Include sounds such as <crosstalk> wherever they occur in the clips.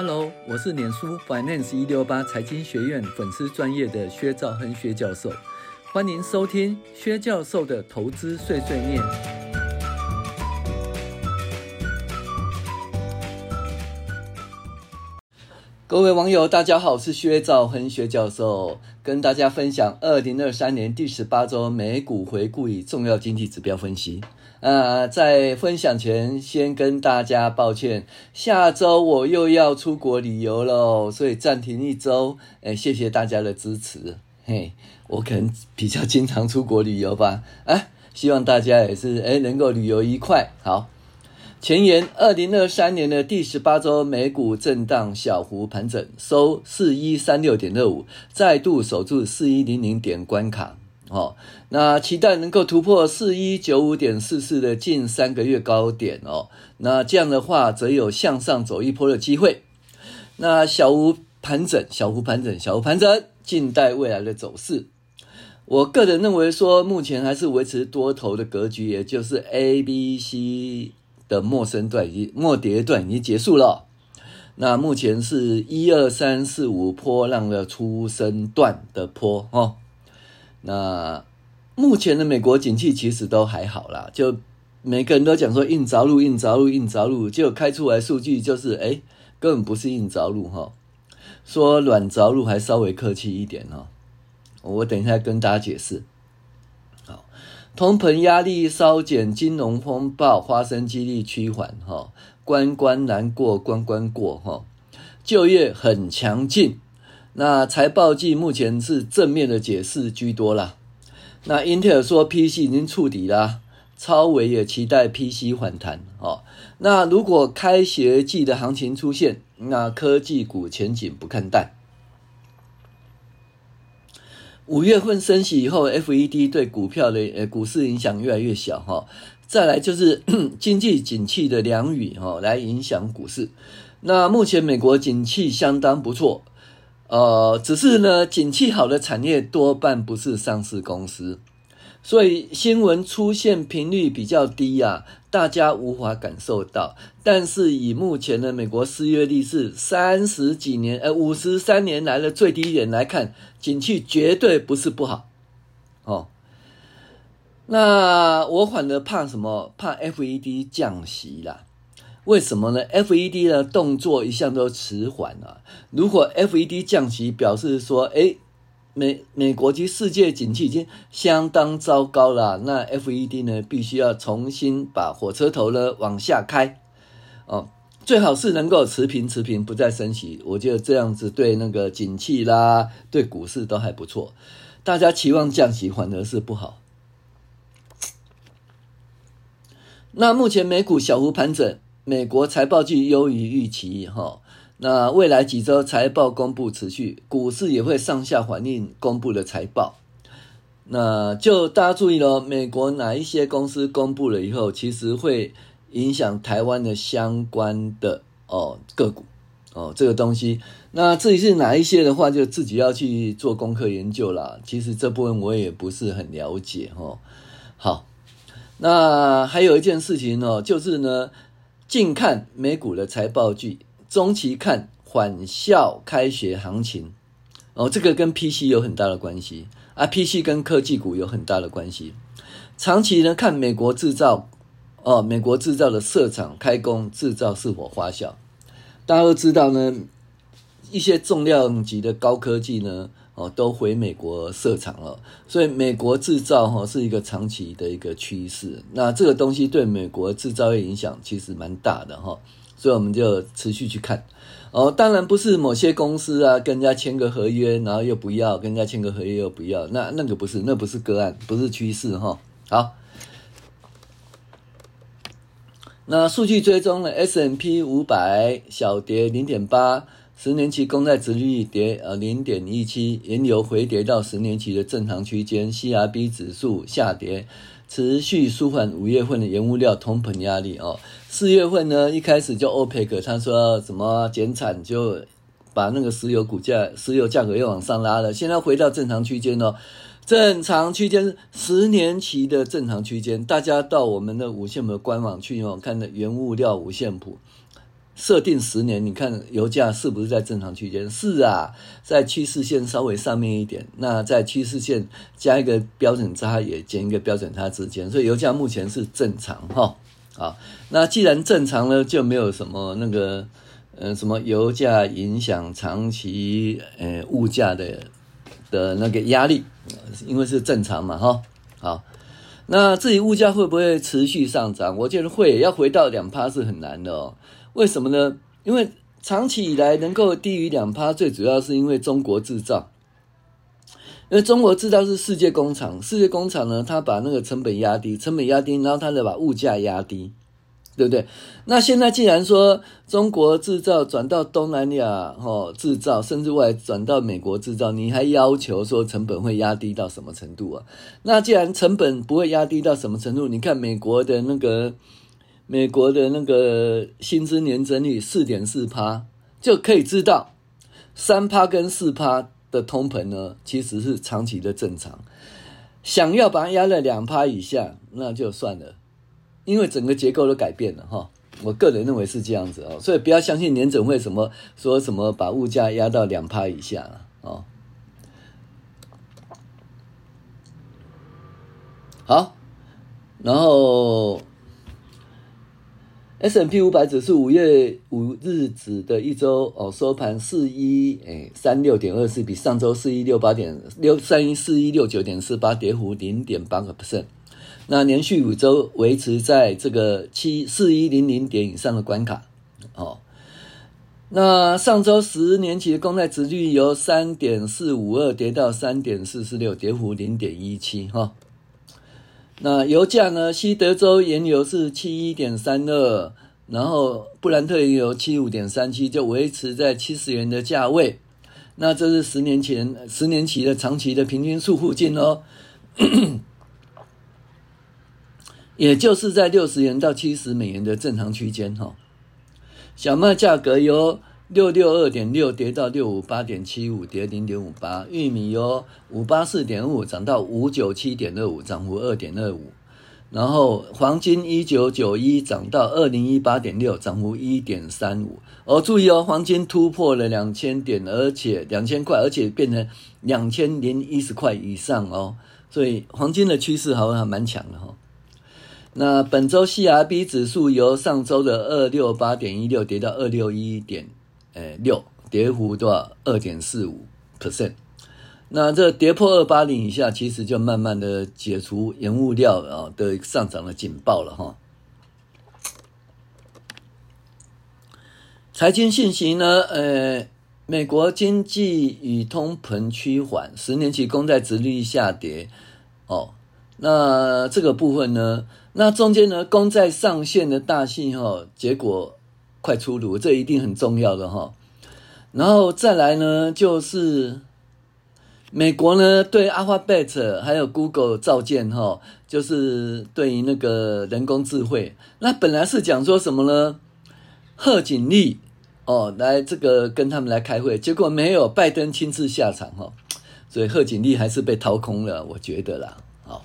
Hello，我是臉書 Finance 一六八財經學院粉絲專業的薛兆亨薛教授，歡迎收聽薛教授的投資碎碎念。各位網友，大家好，我是薛兆亨薛教授，跟大家分享二零二三年第十八週美股回顧與重要經濟指標分析。呃，在分享前先跟大家抱歉，下週我又要出國旅遊嘍，所以暫停一周。哎，謝謝大家的支持，嘿，我可能比較經常出國旅遊吧。啊，希望大家也是哎能夠旅遊愉快。好，前言：二零二三年的第十八周，美股震盪小幅盤整，收四一三六點二五，再度守住四一零零點關卡。哦，那期待能夠突破四一九五點四四的近三個月高點哦，那這樣的話，則有向上走一波的機會。那小幅盤整，小幅盤整，小幅盤整，靜待未來的走勢。我個人認為說，目前還是維持多頭的格局，也就是 A、B、C 的末升段已經末跌段已經結束了。那目前是一二三四五波浪的初升段的波哦。那目前的美國景氣其實都還好啦，就每個人都講說硬着陸、硬着陸、硬着陸，就開出來數據就是誒、欸、根本不是硬着陸哈、哦，說軟着陸還稍微客氣一點哈、哦。我等一下跟大家解釋。好、哦，通膨壓力稍減，金融風暴發生機率趨緩哈，關關難過關關過哈、哦，就業很強勁。那財報季目前是正面的解釋居多啦。那英特爾說 P C 已經觸底了，啊，超微也期待 P C 反彈哦。那如果開學季的行情出現，那科技股前景不看淡。五月份升息以後，F E D 對股票的股市影響越來越小哈，哦。再來就是 <coughs> 經濟景氣的良窳哈，哦，來影響股市。那目前美國景氣相當不錯。呃，只是呢，景氣好的產業多半不是上市公司，所以新聞出現頻率比較低啊，大家無法感受到。但是以目前的美國失業率是三十幾年，呃，五十三年來的最低點來看，景氣絕對不是不好哦。那我反而怕什麼？怕 FED 降息啦。為什麼呢？F E D 呢動作一向都遲緩啊。如果 F E D 降息，表示說，哎，美美國及世界景氣已經相當糟糕了啊。那 F E D 呢，必須要重新把火車頭呢往下開，哦，最好是能夠持平持平，不再升息。我覺得這樣子對那個景氣啦，對股市都還不錯。大家期望降息，反而是不好。那目前美股小幅盤整。美國財報季優於預期，哈，那未來幾週財報公布持續，股市也會上下反映，公布了財報，那就大家注意嘍，美國哪一些公司公布了以後，其實會影響台灣的相關的哦個股哦這個東西。那至於是哪一些的話，就自己要去做功課研究啦。其實這部分我也不是很了解，哈。好，那還有一件事情哦，就是呢。近看美股的財報季，中期看返校開學行情，哦，這個跟 PC 有很大的關係，啊，PC 跟科技股有很大的關係。長期呢，看美國製造，哦，美國製造的設廠開工製造是否發酵。大家都知道呢，一些重量級的高科技呢。哦，都回美國設廠了，所以美國製造哈是一個長期的一個趨勢。那這個東西對美國製造業影響其實蠻大的哈，所以我們就持續去看。哦，當然不是某些公司啊跟人家簽個合約，然後又不要，跟人家簽個合約又不要，那那個不是，那不是個案，不是趨勢哈。好，那數據追蹤了 S&P 500小跌零點八。十年期公債殖利率跌，呃，零點一七，原油回跌到十年期的正常區間，CRB 指數下跌，持續舒緩五月份的原物料通膨壓力哦。四月份呢，一開始就 OPEC 他說什麼減產，就把那個石油股價、石油價格又往上拉了。現在回到正常區間哦，正常區間十年期的正常區間，大家到我們的五線譜的官網去哦，看的原物料五線譜。設定十年，你看油價是不是在正常區間？是啊，在趨勢線稍微上面一點。那在趨勢線加一個標準差，也減一個標準差之間，所以油價目前是正常哈。啊，那既然正常了，就沒有什麼那個呃什麼油價影響長期呃物價的的那個壓力，因為是正常嘛哈。好，那至於物價會不會持續上漲，我覺得會，要回到兩趴是很難的哦。為什麼呢？因為長期以來能夠低於兩趴，最主要是因為中國製造。因為中國製造是世界工廠，世界工廠呢，它把那個成本壓低，成本壓低，然後它就把物價壓低，對不對？那現在既然說中國製造轉到東南亞，哦，製造，甚至外轉到美國製造，你還要求說成本會壓低到什麼程度啊？那既然成本不會壓低到什麼程度，你看美國的那個。美國的那個薪資年增率四點四趴，就可以知道三趴跟四趴的通膨呢，其實是長期的正常。想要把它壓在兩趴以下，那就算了，因為整個結構都改變了哈。我個人認為是這樣子哦，所以不要相信聯準會什麼說什麼把物價壓到兩趴以下哦，啊。好，然後。S&P 五百指數五月五日指的一周哦，收盤四一哎三六點二四，比上周四一六八點六三一四一六九點四八，6, 跌幅零點八個 percent，那連續五週維持在這個七四一零零點以上的關卡哦。那上周十年期的公債殖利率，由三點四五二跌到三點四四六，跌幅零點一七哈。那油價呢？西德州原油是七一點三二，然後布蘭特原油七五點三七，就維持在七十元的價位。那這是十年前、十年期的長期的平均數附近哦咳咳，也就是在六十元到七十美元的正常區間哈。小麥價格有六六二點六跌到六五八點七五，跌零點五八。玉米由五八四點五漲到五九七點二五，漲幅二點二五。然後黃金一九九一漲到二零一八點六，漲幅一點三五。哦，注意哦，黃金突破了兩千點，而且兩千塊，而且變成兩千零一十塊以上哦。所以黃金的趨勢好像還蠻強的哈、哦。那本周 CRB 指數由上周的二六八點一六跌到二六一點，呃，六、欸、跌幅多少，二點四五 percent。那這跌破二八零以下，其實就慢慢的解除原物料的啊的、哦、上漲的警報了哈。財、哦、經信息呢，呃、欸，美國經濟與通膨趨緩，十年期公債殖利率下跌。哦，那這個部分呢，那中間呢，公債上限的大信號、哦、結果。快出爐，這一定很重要的哈、哦。然後再來呢，就是美國呢對 Alphabet 還有 Google 召見，哦。哈，就是對於那個人工智慧，那本來是講說什麼呢？賀錦麗哦，來這個跟他們來開會，結果沒有拜登親自下場哈、哦，所以賀錦麗還是被掏空了，我覺得啦，好、哦。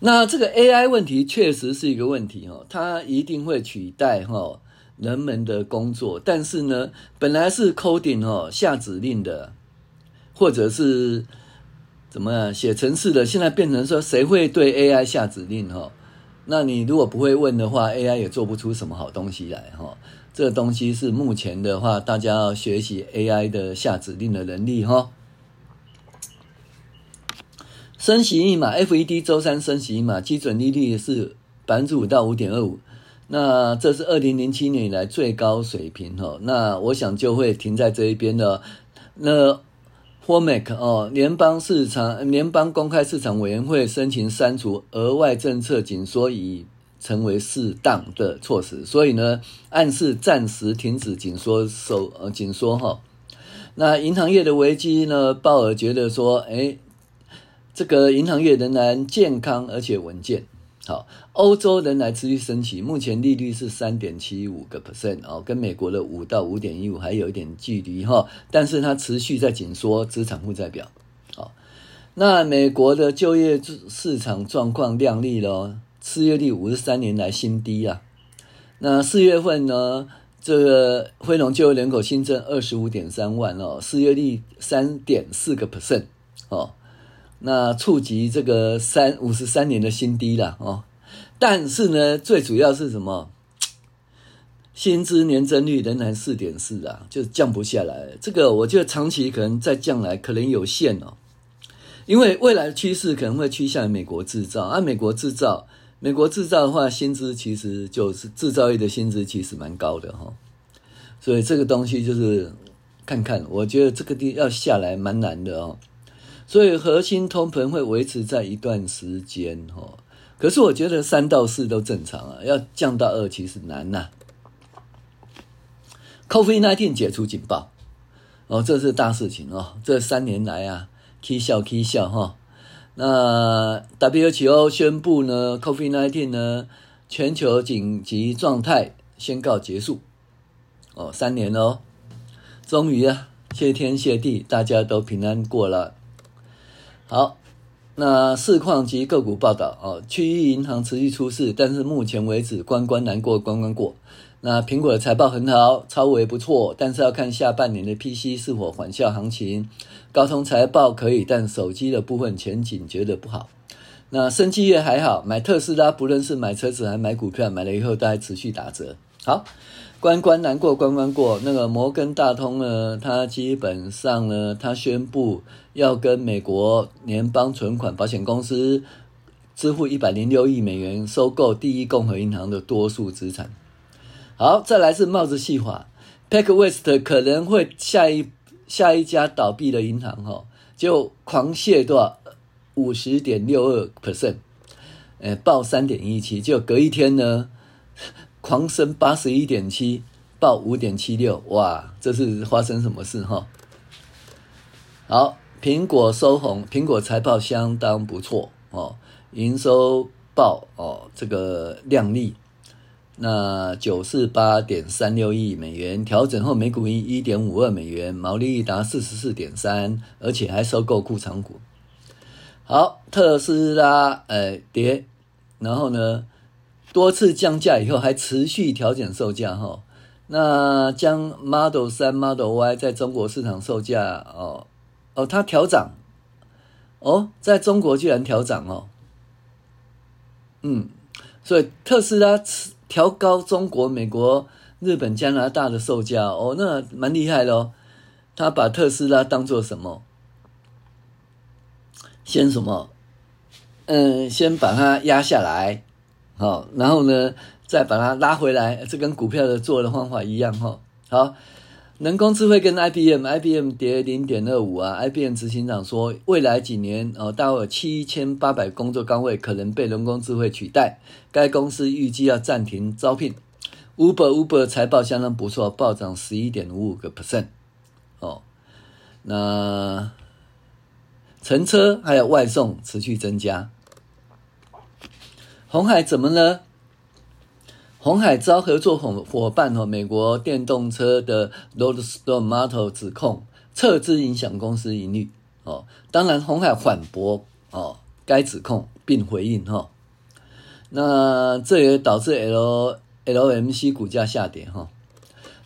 那這個 AI 問題確實是一個問題哈、哦，它一定會取代哈、哦。人們的工作，但是呢，本來是 coding 哦，下指令的，或者是怎麼樣，寫程式的，現在變成說誰會對 AI 下指令哦，那你如果不會問的話，AI 也做不出什麼好東西來哈、哦。這個東西是目前的話，大家要學習 AI 的下指令的能力哈、哦。升息一碼，FED 周三升息一碼，基準利率是百分之五到五點二五。那這是二零零七年以來最高水平哦。那我想就會停在這一邊的。那 FOMC 哦，聯邦市場、聯邦公開市場委員會申請刪除額外政策緊縮已成為適當的措施，所以呢，暗示暫時停止緊縮手呃緊縮哈。那銀行業的危機呢？鮑爾覺得說，誒，這個銀行業仍然健康而且穩健。好，歐洲仍然持續升息。目前利率是三點七五個 percent 哦，跟美國的五到五點一五還有一點距離哈、哦，但是它持續在緊縮資產負債表。好，那美國的就業市市場狀況亮麗了，失業率五十三年來新低啊。那四月份呢，這個非農就業人口新增二十五點三萬哦，失業率三點四個 percent 哦。那觸及這個三五十三年的新低了哦，但是呢，最主要是什麼？嘖，薪資年增率仍然四點四啊，就降不下來。這個我覺得長期可能再降來可能有限哦，因為未來的趨勢可能會趨向美國制造啊。美國制造，美國制造的話，薪資其實就是制造業的薪資其實蠻高的哈、哦，所以這個東西就是看看，我覺得這個地要下來蠻難的哦。所以核心通膨會維持在一段時間哦，可是我覺得三到四都正常啊，要降到二其實難吶、啊。COVID-19 解除警報哦，這是大事情哦。這三年來啊，啼笑啼笑哈、哦。那 WHO 宣布呢，COVID-19 呢全球緊急狀態宣告結束哦，三年了哦，終於啊，謝天謝地，大家都平安過了。好，那市況及個股報道哦。區域銀行持續出事，但是目前為止關關難過關關過。那蘋果的財報很好，超微不錯，但是要看下半年的 PC 是否返校行情。高通財報可以，但手機的部分前景覺得不好。那生技業還好，買特斯拉，不論是買車子還買股票，買了以後都還持續打折。好。關關難過關關過，那個摩根大通呢？他基本上呢，他宣布要跟美國聯邦存款保險公司支付一百零六億美元收購第一共和銀行的多數資產。好，再來是帽子戲法 PacWest 可能會下一下一家倒閉的銀行、哦，哈，就狂瀉多少？五十點六二 percent，呃，報三點一七，就隔一天呢。狂升八十一點七，報五點七六，哇，這是發生什麼事哈？好，蘋果收紅，蘋果財報相當不錯哦，營收爆哦，這個亮麗，那九四八點三六億美元，調整後每股一一點五二美元，毛利達四十四點三，而且還收購庫藏股。好，特斯拉哎、呃、跌，然後呢？多次降價以後，還持續調減售價，哈。那將 Model 3、Model Y 在中國市場售價，哦哦，它調漲，哦，在中國居然調漲哦。嗯，所以特斯拉調高中國、美國、日本、加拿大的售價，哦，那蠻厲害的哦，他把特斯拉當做什麼？先什麼？嗯，先把它壓下來。好，然後呢，再把它拉回來，這跟股票的做的方法一樣哈、哦。好，人工智慧跟 IBM，IBM 跌零點二五啊。IBM 執行長說，未來幾年哦，大約有七千八百工作崗位可能被人工智慧取代。該公司預計要暫停招聘。Uber Uber 財報相當不錯，暴漲十一點五五個 percent 哦。那乘車還有外送持續增加。鴻海怎麼呢？鴻海遭合作夥夥伴美國電動車的 Lordstown Motors 指控撤資影響公司盈利哦，當然鴻海反駁哦該指控並回應哈、哦。那這也導致 L LMC 股價下跌哈、哦。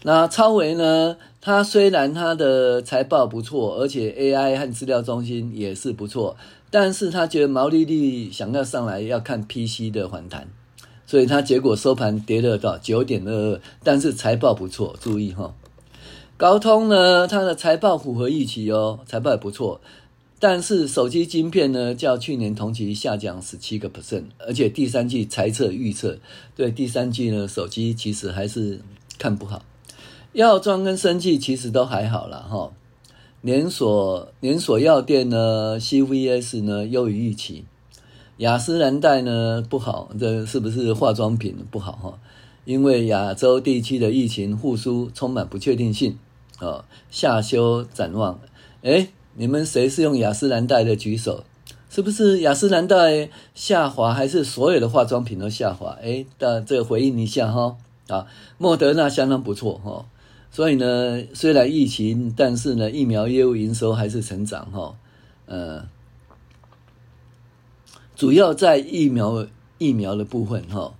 那超微呢？它雖然它的財報不錯，而且 AI 和資料中心也是不錯。但是他覺得毛利率想要上來要看 PC 的反彈，所以他結果收盤跌了到九點二二。但是財報不錯，注意哈。高通呢，它的財報符合預期哦，財報也不錯。但是手機晶片呢，較去年同期下降十七個 percent，而且第三季財測預測，對第三季呢手機其實還是看不好。藥妝跟生技其實都還好啦。哈。連鎖連鎖藥店呢，CVS 呢優於預期，雅詩蘭黛呢不好，這是不是化妝品不好哈？因為亞洲地區的疫情復甦充滿不確定性啊。下修展望，誒，你們誰是用雅詩蘭黛的舉手？是不是雅詩蘭黛下滑，還是所有的化妝品都下滑？誒但這回應一下哈啊，莫德納相當不錯哈。所以呢，雖然疫情，但是呢，疫苗業務營收還是成長哈、哦。呃，主要在疫苗疫苗的部分哈、哦，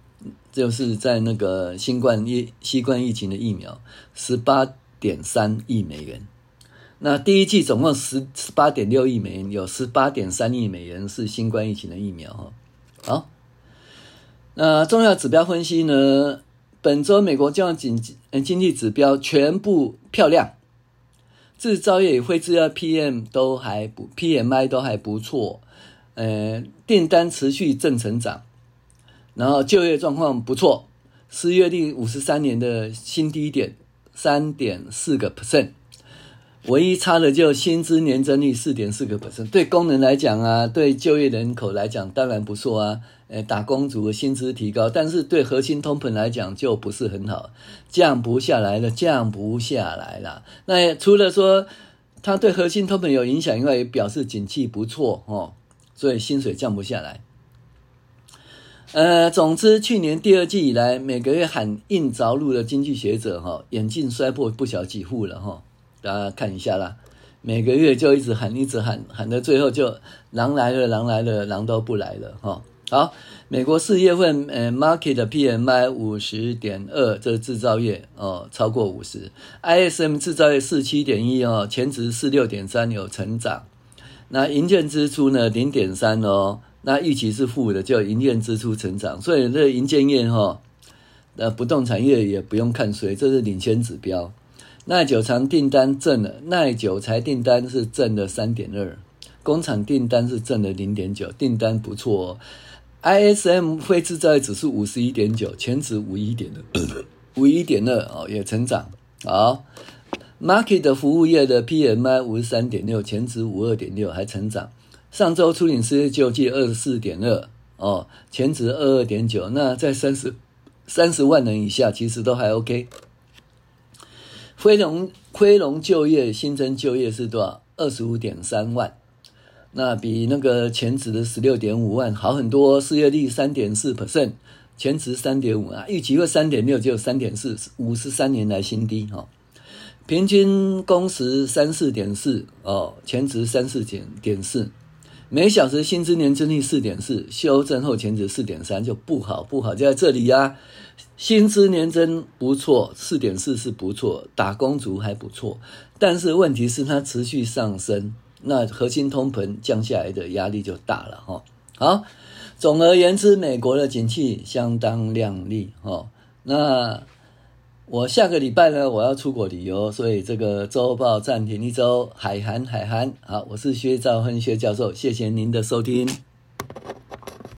就是在那個新冠疫新冠疫情的疫苗，十八點三億美元。那第一季總共十十八點六億美元，有十八點三億美元是新冠疫情的疫苗哈。好，那重要指標分析呢？本周美國這樣經呃經濟指標全部漂亮，製造業與非製造業 PM 都還不 PMI 都還不錯，呃，訂單持續正成長，然後就業狀況不錯，失業率五十三年的新低點三點四個 percent，唯一差的就薪資年增率四點四個 percent，對工人來講啊，對就業人口來講當然不錯啊。打工族的薪資提高，但是對核心通膨來講就不是很好，降不下來了，降不下來了。那除了說它對核心通膨有影響以外，也表示景氣不錯哦，所以薪水降不下來。呃，總之，去年第二季以來，每個月喊硬着陸的經濟學者哈，眼鏡摔破不小幾副了哈。大家看一下啦，每個月就一直喊，一直喊，喊到最後就狼來了，狼來了，狼都不來了哈。好，美國四月份呃，market 的 PMI 五十點二，這製造業哦超過五十，ISM 製造業四七點一哦，前值四六點三有成長。那營建支出呢零點三哦，那預期是負的，就營建支出成長。所以這個營建業哈，呃、哦，不動產業也不用看衰，這是領先指標。耐久財訂單正，耐久財訂單是正的三點二，工廠訂單是正的零點九，訂單不錯，哦。ISM 非製造業指數五十一點九，前值五一點二，五一點二哦，也成長。好，Market 的服務業的 PMI 五十三點六，前值五二點六，還成長。上周初領失業救濟二十四點二，哦，前值二二點九，那在三十三十萬人以下，其實都還 OK 非。非農非農就業新增就業是多少？二十五點三萬。那比那個前值的十六點五萬好很多，失業率三點四 percent，前值三點五啊，預期會三點六，只有三點四，五十三年來新低哈，哦。平均工時三四點四哦，前值三四點點四，每小時薪資年增率四點四，修正後前值四點三，就不好不好就在這裡呀，啊。薪資年增不錯，四點四是不錯，打工族還不錯，但是問題是它持續上升。那核心通膨降下來的壓力就大了哈。好，總而言之，美國的景氣相當亮麗哈。那我下個禮拜呢，我要出國旅遊，所以這個週報暫停一周。海涵海涵，好，我是薛兆亨薛教授，謝謝您的收聽。